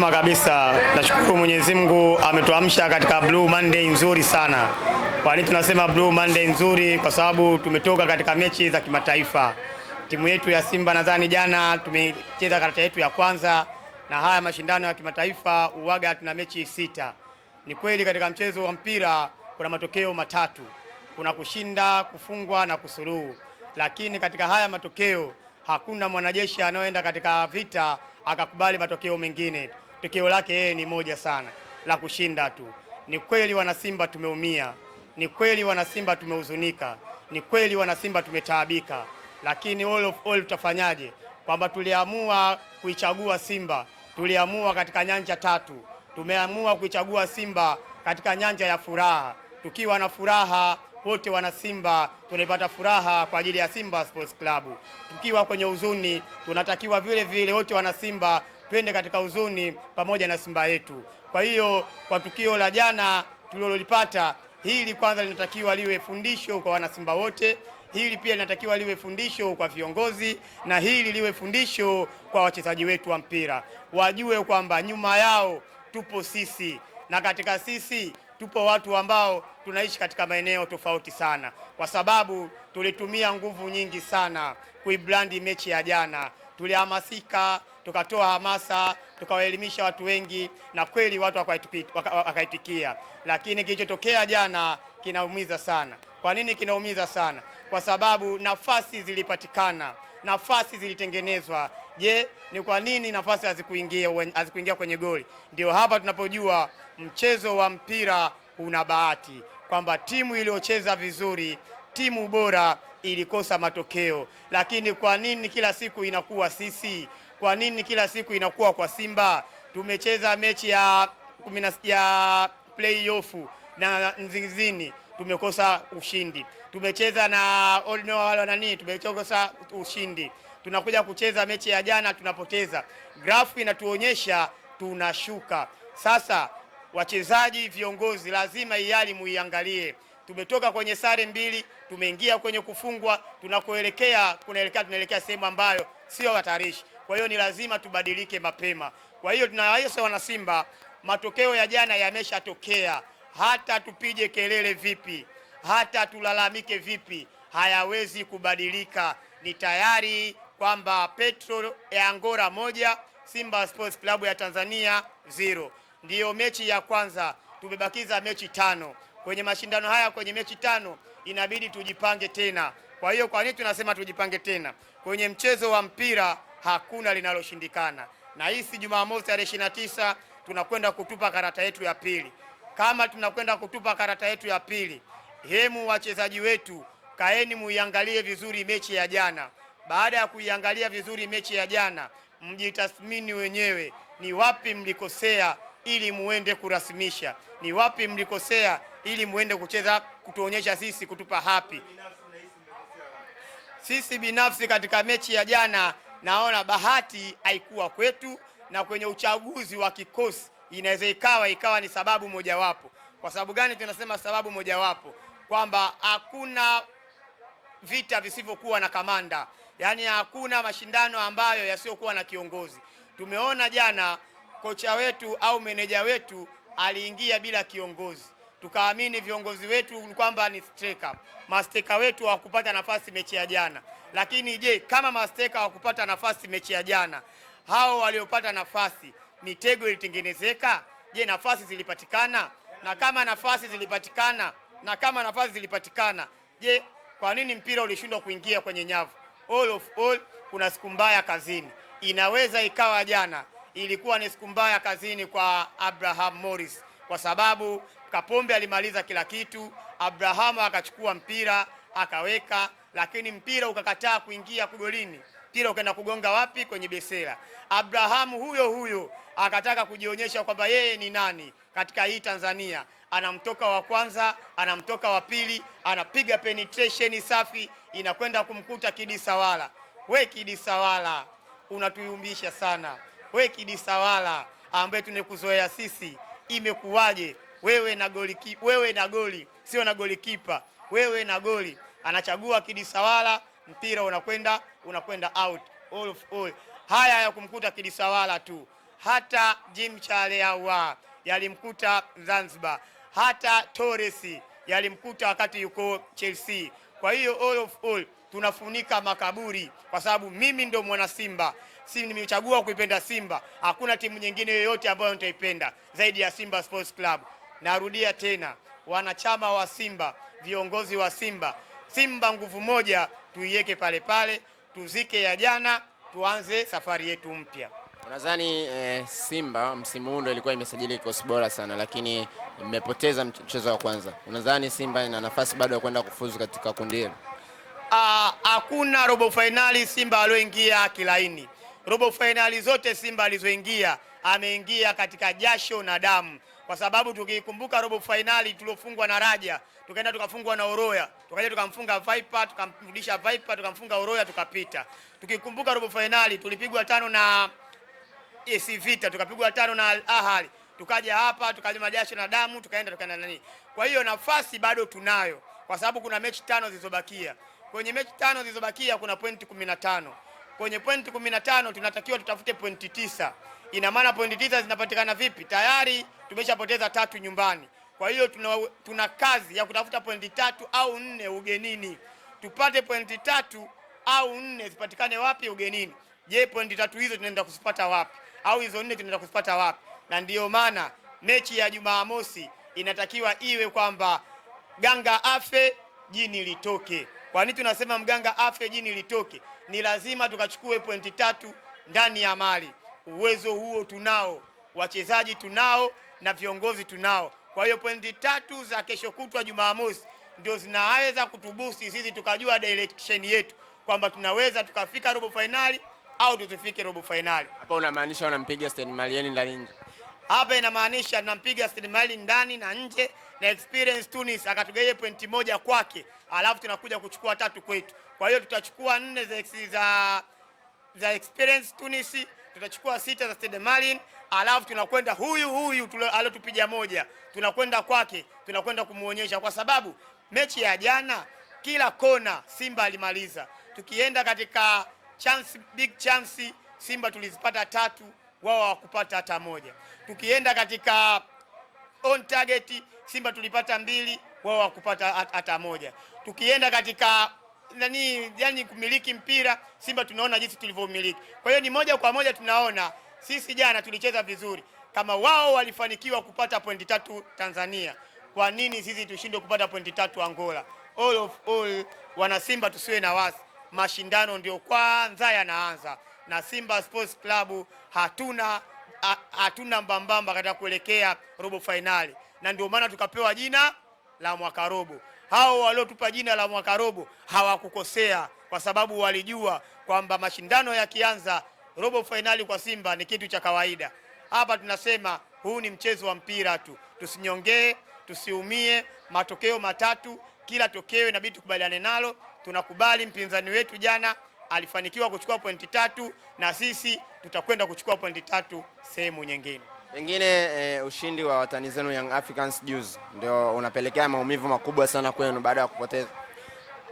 mapema kabisa, nashukuru Mwenyezi Mungu ametuamsha katika Blue Monday nzuri sana. Kwa nini tunasema Blue Monday nzuri? Kwa sababu tumetoka katika mechi za kimataifa. Timu yetu ya Simba nadhani jana tumecheza karata yetu ya kwanza, na haya mashindano ya kimataifa uwaga tuna mechi sita. Ni kweli katika mchezo wa mpira kuna matokeo matatu, kuna kushinda, kufungwa na kusuluhu, lakini katika haya matokeo hakuna mwanajeshi anayoenda katika vita akakubali matokeo mengine. Tokeo lake yeye ni moja sana la kushinda tu. Ni kweli wanasimba tumeumia, ni kweli wanasimba tumehuzunika, ni kweli wanasimba tumetaabika, lakini all of all tutafanyaje? Kwamba tuliamua kuichagua Simba, tuliamua katika nyanja tatu. Tumeamua kuichagua Simba katika nyanja ya furaha. Tukiwa na furaha wote wana Simba tunaipata furaha kwa ajili ya Simba Sports Club. Tukiwa kwenye huzuni, tunatakiwa vile vile wote wana Simba twende katika huzuni pamoja na Simba yetu. Kwa hiyo kwa tukio la jana tulilolipata hili, kwanza linatakiwa liwe fundisho kwa wanasimba wote. Hili pia linatakiwa liwe fundisho kwa viongozi, na hili liwe fundisho kwa wachezaji wetu wa mpira, wajue kwamba nyuma yao tupo sisi, na katika sisi tupo watu ambao tunaishi katika maeneo tofauti sana, kwa sababu tulitumia nguvu nyingi sana kuibrandi mechi ya jana, tulihamasika tukatoa hamasa, tukawaelimisha watu wengi, na kweli watu wakaitikia. Lakini kilichotokea jana kinaumiza sana. Kwa nini kinaumiza sana? Kwa sababu nafasi zilipatikana, nafasi zilitengenezwa. Je, ni kwa nini nafasi hazikuingia hazikuingia kwenye goli? Ndio hapa tunapojua mchezo wa mpira una bahati, kwamba timu iliyocheza vizuri, timu bora ilikosa matokeo. Lakini kwa nini kila siku inakuwa sisi kwa nini kila siku inakuwa kwa Simba? Tumecheza mechi ya ya playoff na Nzingizini tumekosa ushindi, tumecheza na Olno wala nani tumekosa ushindi, tunakuja kucheza mechi ya jana tunapoteza. Grafu inatuonyesha tunashuka. Sasa wachezaji, viongozi, lazima iali muiangalie. Tumetoka kwenye sare mbili, tumeingia kwenye kufungwa, tunakoelekea kunaelekea tunaelekea sehemu ambayo sio hatarishi. Kwa hiyo ni lazima tubadilike mapema. Kwa hiyo tunawasa wana Simba, matokeo ya jana yameshatokea. Hata tupige kelele vipi, hata tulalamike vipi, hayawezi kubadilika. Ni tayari kwamba Petro ya e Angora moja Simba Sports Club ya Tanzania zero. Ndiyo mechi ya kwanza, tumebakiza mechi tano kwenye mashindano haya. Kwenye mechi tano inabidi tujipange tena. Kwa hiyo kwa nini tunasema tujipange tena? Kwenye mchezo wa mpira hakuna linaloshindikana, na hisi Jumamosi tarehe 29 tunakwenda kutupa karata yetu ya pili. Kama tunakwenda kutupa karata yetu ya pili, hemu wachezaji wetu, kaeni muiangalie vizuri mechi ya jana. Baada ya kuiangalia vizuri mechi ya jana, mjitathmini wenyewe ni wapi mlikosea ili muende kurasimisha, ni wapi mlikosea ili muende kucheza kutuonyesha sisi kutupa hapi sisi binafsi katika mechi ya jana, naona bahati haikuwa kwetu, na kwenye uchaguzi wa kikosi inaweza ikawa ikawa ni sababu mojawapo. Kwa sababu gani tunasema sababu mojawapo? Kwamba hakuna vita visivyokuwa na kamanda, yaani hakuna mashindano ambayo yasiyokuwa na kiongozi. Tumeona jana kocha wetu au meneja wetu aliingia bila kiongozi tukaamini viongozi wetu kwamba ni steka masteka wetu hawakupata nafasi mechi ya jana. Lakini je, kama masteka hawakupata nafasi mechi ya jana, hao waliopata nafasi mitego ilitengenezeka? Je, nafasi zilipatikana? Na kama nafasi zilipatikana, na kama nafasi zilipatikana, je, kwa nini mpira ulishindwa kuingia kwenye nyavu? All of all, kuna siku mbaya kazini. Inaweza ikawa jana ilikuwa ni siku mbaya kazini kwa Abraham Morris kwa sababu Kapombe alimaliza kila kitu, Abrahamu akachukua mpira akaweka, lakini mpira ukakataa kuingia kugolini. Mpira ukaenda kugonga wapi? Kwenye besela. Abrahamu huyo huyo akataka kujionyesha kwamba yeye ni nani katika hii Tanzania, anamtoka wa kwanza, anamtoka wa pili, anapiga penetration safi, inakwenda kumkuta kidisawala. We kidisawala, unatuyumbisha sana. We kidisawala ambaye tunekuzoea sisi, imekuwaje? wewe na goli, wewe na goli, sio na goli kipa, wewe na goli. Anachagua kidisawala mpira unakwenda unakwenda out all of all. Haya ya kumkuta Kidisawala tu, hata Jim Chaleawa yalimkuta Zanzibar, hata Torres yalimkuta wakati yuko Chelsea. Kwa hiyo all of all tunafunika makaburi kwa sababu mimi ndo mwana Simba. Si nimechagua kuipenda Simba, hakuna timu nyingine yoyote ambayo nitaipenda zaidi ya Simba Sports Club. Narudia tena, wanachama wa Simba, viongozi wa Simba, Simba nguvu moja, tuiweke pale pale, tuzike ya jana, tuanze safari yetu mpya. Unadhani e, eh, Simba msimu huu ndio ilikuwa imesajili kikosi bora sana, lakini mmepoteza mchezo wa kwanza. Unadhani Simba ina nafasi bado ya kwenda kufuzu katika kundi hili? Ah, hakuna robo fainali Simba alioingia kilaini. Robo fainali zote Simba alizoingia ameingia katika jasho na damu kwa sababu tukikumbuka robo fainali tuliofungwa na Raja, tukaenda tukafungwa na Oroya, tukaja tukamfunga Viper, tukamrudisha Viper, tukamfunga Oroya, tukapita. Tukikumbuka robo fainali tulipigwa tano na AC Vita, tukapigwa tano na Al tukaja hapa tukalima jasho na damu, tukaenda tukaenda nani. Kwa hiyo nafasi bado tunayo, kwa sababu kuna mechi tano zilizobakia. Kwenye mechi tano zilizobakia kuna pointi 15 kwenye pointi 15 tunatakiwa tutafute pointi tisa. Ina maana pointi tisa zinapatikana vipi? Tayari tumeshapoteza tatu nyumbani. Kwa hiyo tuna, tuna kazi ya kutafuta pointi tatu au nne ugenini. Tupate pointi tatu au nne zipatikane wapi? Ugenini. Je, pointi tatu hizo tunaenda kuzipata wapi? Au hizo nne tunaenda kuzipata wapi? Na ndiyo maana mechi ya Jumamosi inatakiwa iwe kwamba ganga afe jini litoke. Kwa nini tunasema mganga afe jini litoke? Ni lazima tukachukue pointi tatu ndani ya mali. Uwezo huo tunao, wachezaji tunao na viongozi tunao. Kwa hiyo pointi tatu za kesho kutwa Jumamosi ndio zinaweza kutubusi sisi tukajua direction yetu kwamba tunaweza tukafika robo fainali au tusifike robo fainali. Hapa unamaanisha unampiga Stade Malien ndani nje? Hapa inamaanisha tunampiga Stade Malien ndani na nje, na Experience Tunis akatugaie pointi moja kwake, alafu tunakuja kuchukua tatu kwetu. Kwa hiyo tutachukua nne za za Experience Tunisi, tutachukua sita za Stade Malin, alafu tunakwenda huyu huyu alotupiga moja, tunakwenda kwake, tunakwenda kumuonyesha, kwa sababu mechi ya jana kila kona Simba alimaliza. Tukienda katika chance, big chance Simba tulizipata tatu, wao hawakupata hata moja. Tukienda katika on target Simba tulipata mbili, wao hawakupata hata moja. Tukienda katika nani, yani kumiliki mpira Simba tunaona jinsi tulivyomiliki. Kwa hiyo ni moja kwa moja tunaona sisi jana tulicheza vizuri. Kama wao walifanikiwa kupata pointi tatu Tanzania, kwa nini sisi tushindwe kupata pointi tatu Angola? All of all, wana Simba tusiwe na wasi, mashindano ndio kwanza yanaanza na Simba Sports Club hatuna hatuna mbambamba katika kuelekea robo fainali, na ndio maana tukapewa jina la mwaka robo hao waliotupa jina la mwaka robo hawakukosea, kwa sababu walijua kwamba mashindano yakianza robo fainali kwa Simba ni kitu cha kawaida. Hapa tunasema huu ni mchezo wa mpira tu, tusinyongee, tusiumie. Matokeo matatu, kila tokeo inabidi tukubaliane nalo. Tunakubali mpinzani wetu jana alifanikiwa kuchukua pointi tatu, na sisi tutakwenda kuchukua pointi tatu sehemu nyingine. Pengine e, ushindi wa watani zenu Young Africans juzi ndio unapelekea maumivu makubwa sana kwenu baada ya kupoteza?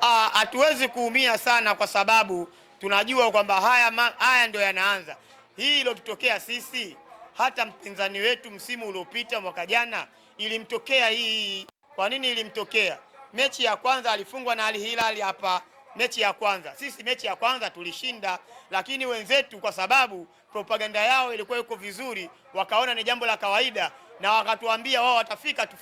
Ah, hatuwezi kuumia sana kwa sababu tunajua kwamba haya, haya ndio yanaanza. Hii ilotutokea sisi, hata mpinzani wetu msimu uliopita mwaka jana ilimtokea hii. Kwa nini ilimtokea? Mechi ya kwanza alifungwa na Al Hilal hapa mechi ya kwanza. Sisi mechi ya kwanza tulishinda, lakini wenzetu kwa sababu propaganda yao ilikuwa iko vizuri, wakaona ni jambo la kawaida na wakatuambia wao watafika tu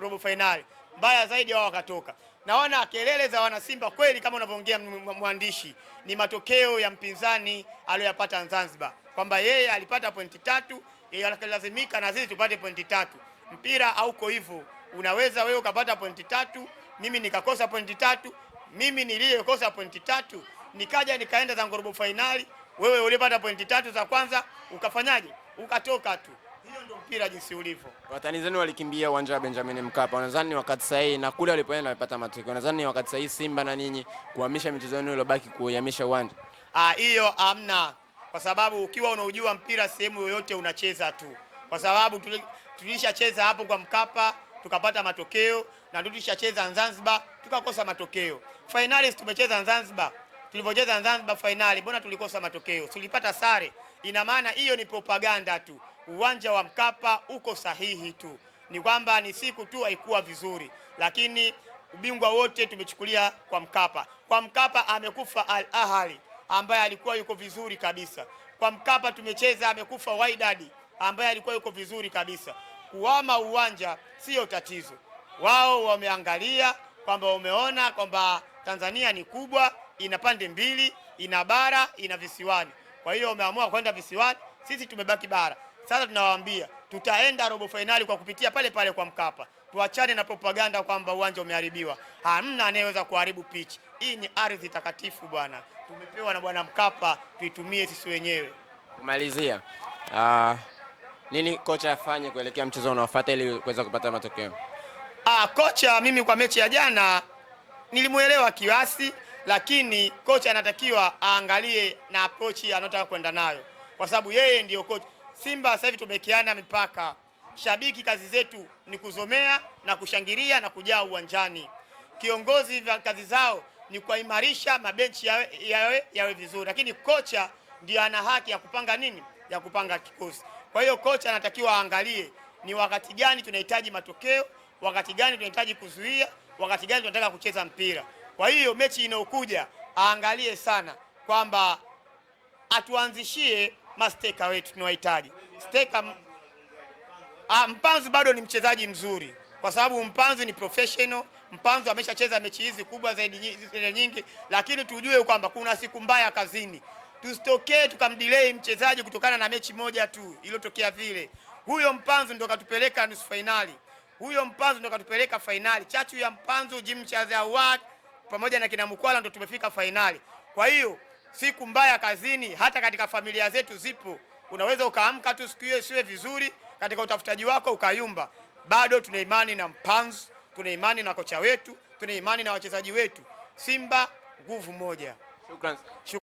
robo fainali. Mbaya zaidi wao wakatoka. Naona kelele za wanasimba kweli, kama unavyoongea mwandishi, ni matokeo ya mpinzani aliyopata Zanzibar, kwamba yeye alipata pointi tatu, lazimika na sisi tupate pointi tatu. Mpira hauko hivyo, unaweza wewe ukapata pointi tatu, mimi nikakosa pointi tatu mimi niliyekosa pointi tatu nikaja nikaenda zangu robo fainali, wewe ulipata pointi tatu za kwanza ukafanyaje? Ukatoka tu. Hiyo ndio mpira jinsi ulivyo. Watani zenu walikimbia uwanja wa Benjamin Mkapa, nadhani ni wakati sahihi, na kule walipoenda wamepata matokeo. Nadhani ni wakati sahihi Simba na ninyi kuhamisha michezo yenu iliyobaki, kuhamisha uwanja ah, hiyo amna, kwa sababu ukiwa unaujua mpira sehemu yoyote unacheza tu, kwa sababu tulishacheza hapo kwa Mkapa tukapata matokeo na tulishacheza Zanzibar tukakosa matokeo. Finali tumecheza Zanzibar, tulivyocheza Zanzibar finali, mbona tulikosa matokeo? Tulipata sare. Ina maana hiyo ni propaganda tu. Uwanja wa Mkapa uko sahihi tu, ni kwamba ni siku tu haikuwa vizuri, lakini ubingwa wote tumechukulia kwa Mkapa. Kwa Mkapa amekufa Al Ahli ambaye alikuwa yuko vizuri kabisa. Kwa Mkapa tumecheza, amekufa Wydad ambaye alikuwa yuko vizuri kabisa. Kuama uwanja siyo tatizo, wao wameangalia kwamba umeona kwamba Tanzania ni kubwa, ina pande mbili, ina bara, ina visiwani. Kwa hiyo umeamua kwenda visiwani, sisi tumebaki bara. Sasa tunawaambia tutaenda robo fainali kwa kupitia pale pale kwa Mkapa. Tuachane na propaganda kwamba uwanja umeharibiwa. Hamna anayeweza kuharibu pitch. hii. Ni ardhi takatifu bwana, tumepewa na bwana Mkapa, tuitumie sisi wenyewe. Kumalizia uh, nini kocha afanye kuelekea mchezo unaofuata ili kuweza kupata matokeo? Ah, kocha mimi kwa mechi ya jana nilimwelewa kiasi, lakini kocha anatakiwa aangalie na approach anayotaka kwenda nayo, kwa sababu yeye ndiyo kocha. Simba sasa hivi tumekiana mipaka. Shabiki kazi zetu ni kuzomea na kushangilia na kujaa uwanjani. Kiongozi vya kazi zao ni kuimarisha mabenchi yawe, yawe, yawe vizuri, lakini kocha ndio ana haki ya kupanga nini, ya kupanga kikosi. Kwa hiyo kocha anatakiwa aangalie ni wakati gani tunahitaji matokeo wakati gani tunahitaji kuzuia, wakati gani tunataka kucheza mpira. Kwa hiyo mechi inayokuja aangalie sana kwamba atuanzishie masteka wetu tunawahitaji. Steka ah, Mpanzu bado ni mchezaji mzuri kwa sababu Mpanzu ni professional. Mpanzu ameshacheza mechi hizi kubwa zaidi nyingi, lakini tujue kwamba kuna siku mbaya kazini. Tusitokee tukamdelay mchezaji kutokana na mechi moja tu iliyotokea vile. Huyo Mpanzu ndio katupeleka nusu fainali. Huyo Mpanzu ndio katupeleka fainali, chachu ya Mpanzu Jim Chaza Award pamoja na kina Mkwala ndio tumefika fainali. Kwa hiyo siku mbaya kazini, hata katika familia zetu zipo. Unaweza ukaamka tu siku hiyo vizuri katika utafutaji wako ukayumba, bado tuna imani na Mpanzu, tuna imani na kocha wetu, tuna imani na wachezaji wetu. Simba nguvu moja.